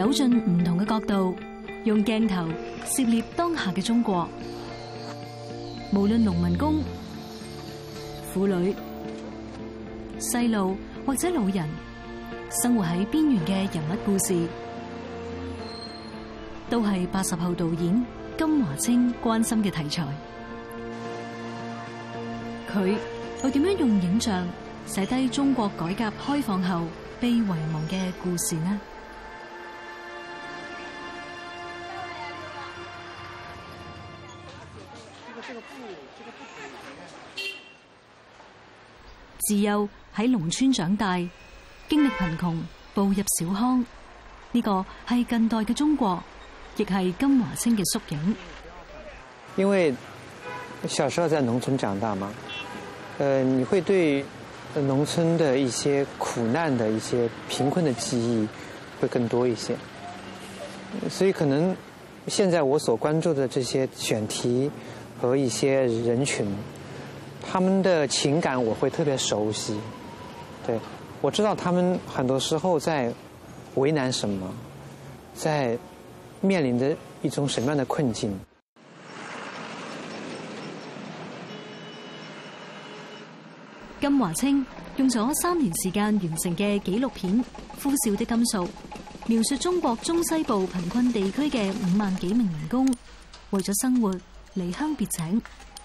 走進唔同嘅角度，用鏡頭涉獵當下嘅中國，無論農民工、婦女、細路或者老人，生活喺邊緣嘅人物故事，都係八十後導演金華青關心嘅題材。佢又點樣用影像寫低中國改革開放後被遺忘嘅故事呢？自幼喺農村長大，經歷貧窮，步入小康，呢、這個係近代嘅中國，亦係金華青嘅縮影。因為小時候在農村長大嘛，呃，你會對農村的一些苦難的、的一些貧困的記憶會更多一些，所以可能現在我所關注的這些選題和一些人群。他們的情感我會特別熟悉，對，我知道他們很多時候在為難什麼，在面臨着一種什麼樣的困境。金華青用咗三年時間完成嘅紀錄片《呼嘯的金屬》，描述中國中西部貧困地區嘅五萬幾名員工為咗生活離鄉別井，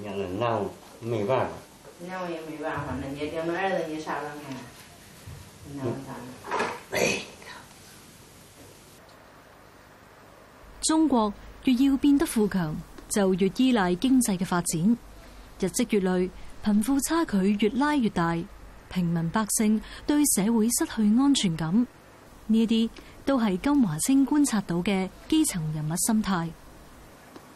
你、哎、中國越要變得富強，就越依賴經濟嘅發展。日積月累，貧富差距越拉越大，平民百姓對社會失去安全感。呢啲都係金華青觀察到嘅基層人物心態。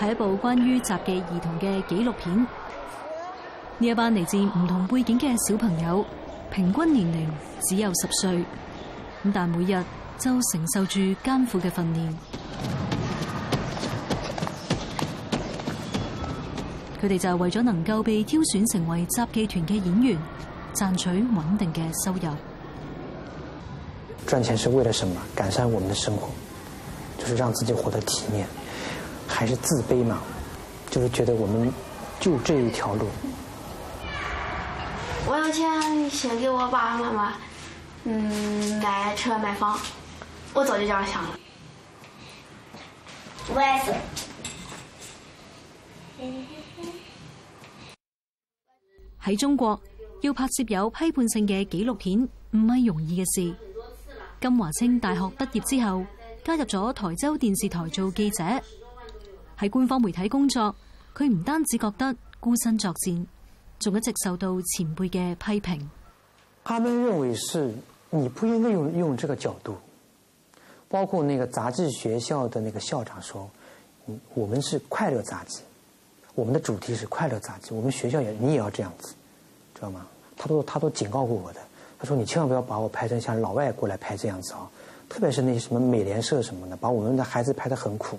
係一部關於雜技兒童嘅紀錄片。呢一班嚟自唔同背景嘅小朋友，平均年齡只有十歲，咁但每日就承受住艱苦嘅訓練。佢哋 就為咗能夠被挑選成為雜技團嘅演員，賺取穩定嘅收入。賺錢是為了什麼？改善我們的生活，就是讓自己活得體面。還是自卑嘛，就是覺得我們就這一條路。我有錢，先給我爸爸媽媽，嗯，買車買房。我早就這樣想了。我也是。喺中國要拍攝有批判性嘅紀錄片唔係容易嘅事。金華青大學畢業之後，加入咗台州電視台做記者。喺官方媒體工作，佢唔單止覺得孤身作戰，仲一直受到前輩嘅批評。他們認為是你不應該用用這個角度，包括那個雜誌學校的那個校長說：我們是快樂雜誌，我們的主題是快樂雜誌，我們學校也你也要這樣子，知道嗎？他都他都警告過我的，他說你千萬不要把我拍成像老外過來拍這樣子啊，特別是那些什麼美聯社什麼的，把我們的孩子拍得很苦。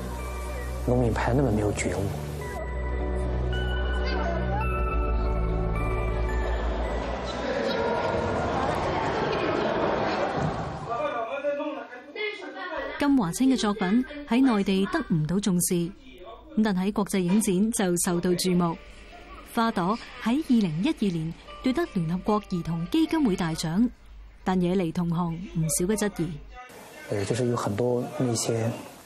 農民拍那麼沒有覺悟。金華青嘅作品喺內地得唔到重視，咁但喺國際影展就受到注目。花朵喺二零一二年奪得聯合國兒童基金會大獎，但惹嚟同行唔少嘅質疑。誒，就是有很多那些。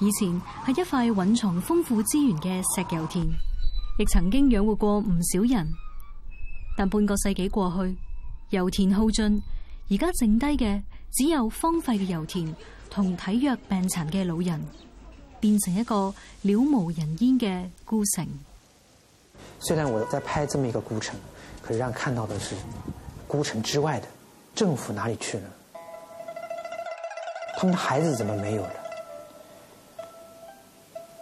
以前係一塊蘊藏豐富資源嘅石油田，亦曾經養活過唔少人。但半個世紀過去，油田耗盡，而家剩低嘅只有荒廢嘅油田同體弱病殘嘅老人，變成一個了無人煙嘅孤城。雖然我在拍這麼一個孤城，可是讓看到的是孤城之外的政府哪裏去了？他們的孩子怎麼沒有了？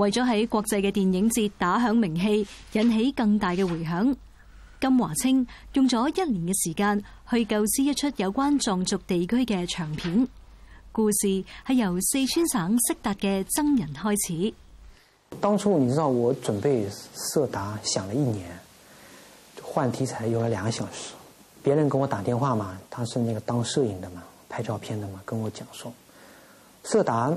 為咗喺國際嘅電影節打響名氣，引起更大嘅回響，金華青用咗一年嘅時間去構思一出有關藏族地區嘅長片。故事係由四川省色達嘅僧人開始。當初你知道我準備色達，想了一年，換題材用了兩個小時。別人跟我打電話嘛，他是那個當攝影的嘛，拍照片的嘛，跟我講說色達。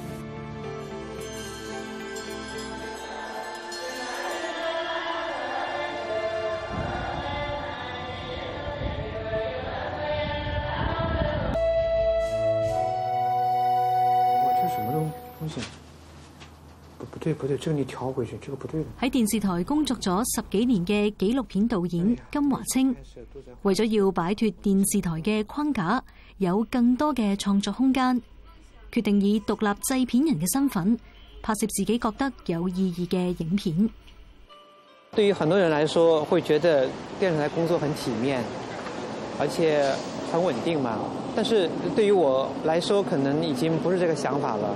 這不對，這你調回去，這個不對。喺電視台工作咗十幾年嘅紀錄片導演金華青、哎哎哎，為咗要擺脫電視台嘅框架，有更多嘅創作空間，決定以獨立製片人嘅身份拍攝自己覺得有意義嘅影片。對於很多人來說，會覺得電視台工作很體面，而且很穩定嘛。但是對於我來說，可能已經不是這個想法了。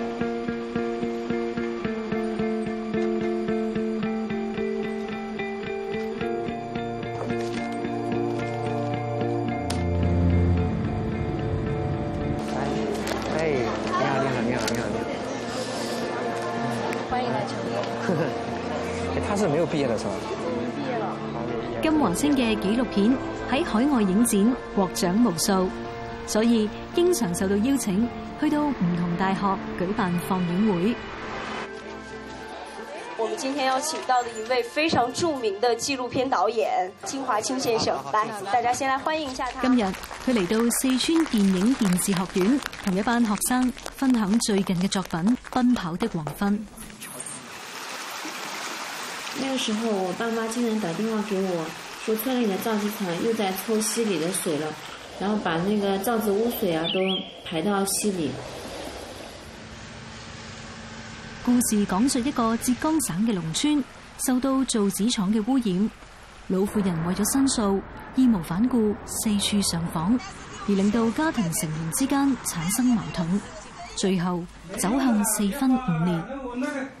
他是沒有畢業的，是吧？金華青嘅紀錄片喺海外影展獲獎無數，所以經常受到邀請去到唔同大學舉辦放映會。我們今天邀請到的一位非常著名的紀錄片導演金華青先生，來，大家先來歡迎一下他。今日佢嚟到四川電影電視學院，同一班學生分享最近嘅作品《奔跑的黃昏》。那個時候，我爸媽經常打電話給我，說村裏的造紙廠又在抽溪裏的水了，然後把那個造紙污水啊都排到溪裏。故事講述一個浙江省嘅農村受到造紙廠嘅污染，老婦人為咗申訴，義無反顧四處上訪，而令到家庭成員之間產生矛盾，最後走向四分五裂。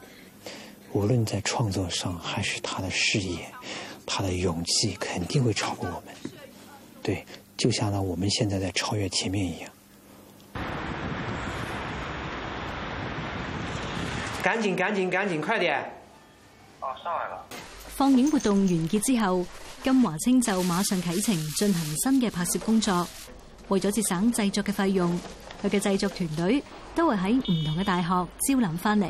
無論在創作上還是他的事業，他的勇氣肯定會超過我們。對，就像呢，我們現在在超越前面一樣。趕緊，趕緊，趕緊，快點！我、哦、上來了。放映活動完結之後，金華青就馬上啟程進行新嘅拍攝工作。為咗節省製作嘅費用，佢嘅製作團隊都會喺唔同嘅大學招攬翻嚟。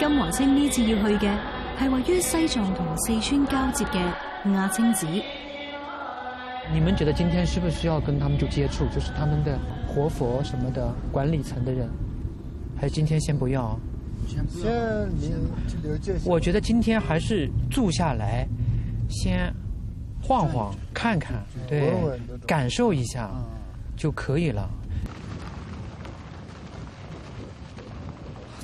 金華青呢次要去嘅係位於西藏同四川交接嘅亞青寺。你們覺得今天需不需要跟他們就接觸？就是他們的活佛什麼的，管理層的人，還是今天先不要、啊、先不要、先不要？先不要。我覺得今天還是住下來，先晃晃，看看，對穩穩，感受一下就可以了。嗯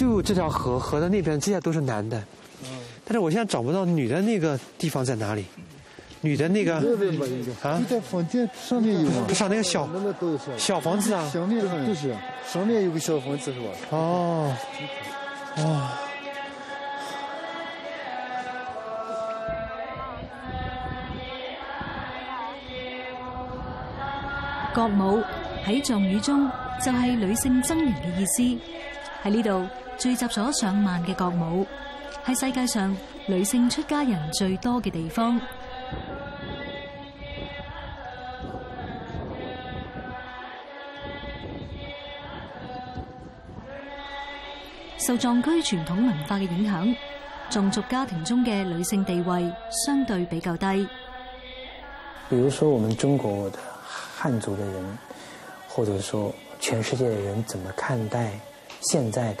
就這條河，河的那邊，這些都是男的，但是我現在找不到女的那個地方在哪裏，女的那個、嗯、啊，那房間上面有，不是，不是，不是那個小、那個、小，的小房子啊，上、就、面、是就是、上面有個小房子是吧？哦，哇。國母喺藏語中就係、是、女性增援嘅意思，喺呢度。聚集咗上萬嘅覺母，係世界上女性出家人最多嘅地方。受藏區傳統文化嘅影響，藏族家庭中嘅女性地位相對比較低。比如說，我們中國嘅漢族嘅人，或者說全世界嘅人，怎麼看待現在嘅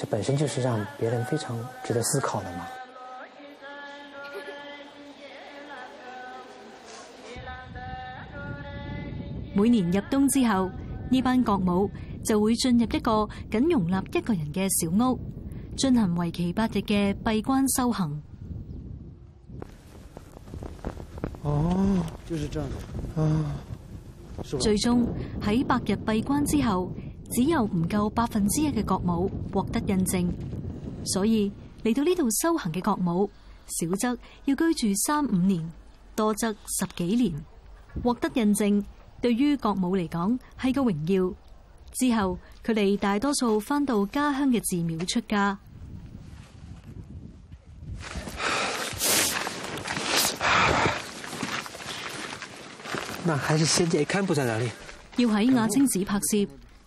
這本身就是讓別人非常值得思考的嘛。每年入冬之後，呢班國母就會進入一個僅容納一個人嘅小屋，進行為期百日嘅閉關修行。哦，就是這樣。啊、哦，最終喺百日閉關之後。只有唔夠百分之一嘅國母獲得印證，所以嚟到呢度修行嘅國母，少則要居住三五年，多則十幾年，獲得印證對於國母嚟講係個榮耀。之後佢哋大多數翻到家鄉嘅寺廟出家。嗱，喺《仙劍》嘅堪布在哪裏？要喺亞青寺拍攝。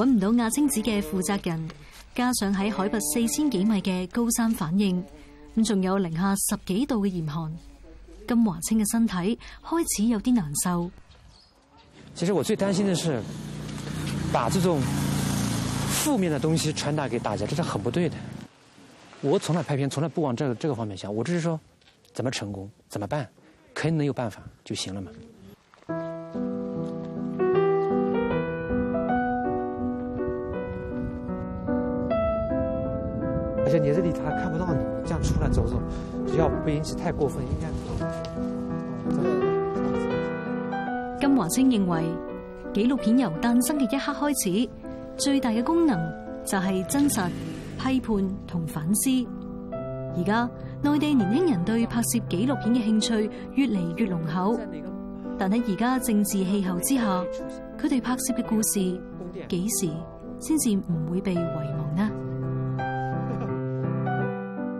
搵唔到亞青寺嘅負責人，加上喺海拔四千幾米嘅高山反應，咁仲有零下十幾度嘅嚴寒，金華青嘅身體開始有啲難受。其實我最擔心嘅是，把這種負面嘅東西傳達給大家，這是很不對的。我從來拍片，從來不往這個、這個方面想。我只是說，怎麼成功，怎麼辦，肯定能有辦法，就行了嘛。裏，他看不到你。這樣出來走走，只要不引起太過分，應該。金華青認為，紀錄片由誕生嘅一刻開始，最大嘅功能就係真實、批判同反思。而家內地年輕人對拍攝紀錄片嘅興趣越嚟越濃厚，但喺而家政治氣候之下，佢哋拍攝嘅故事幾時先至唔會被遺忘？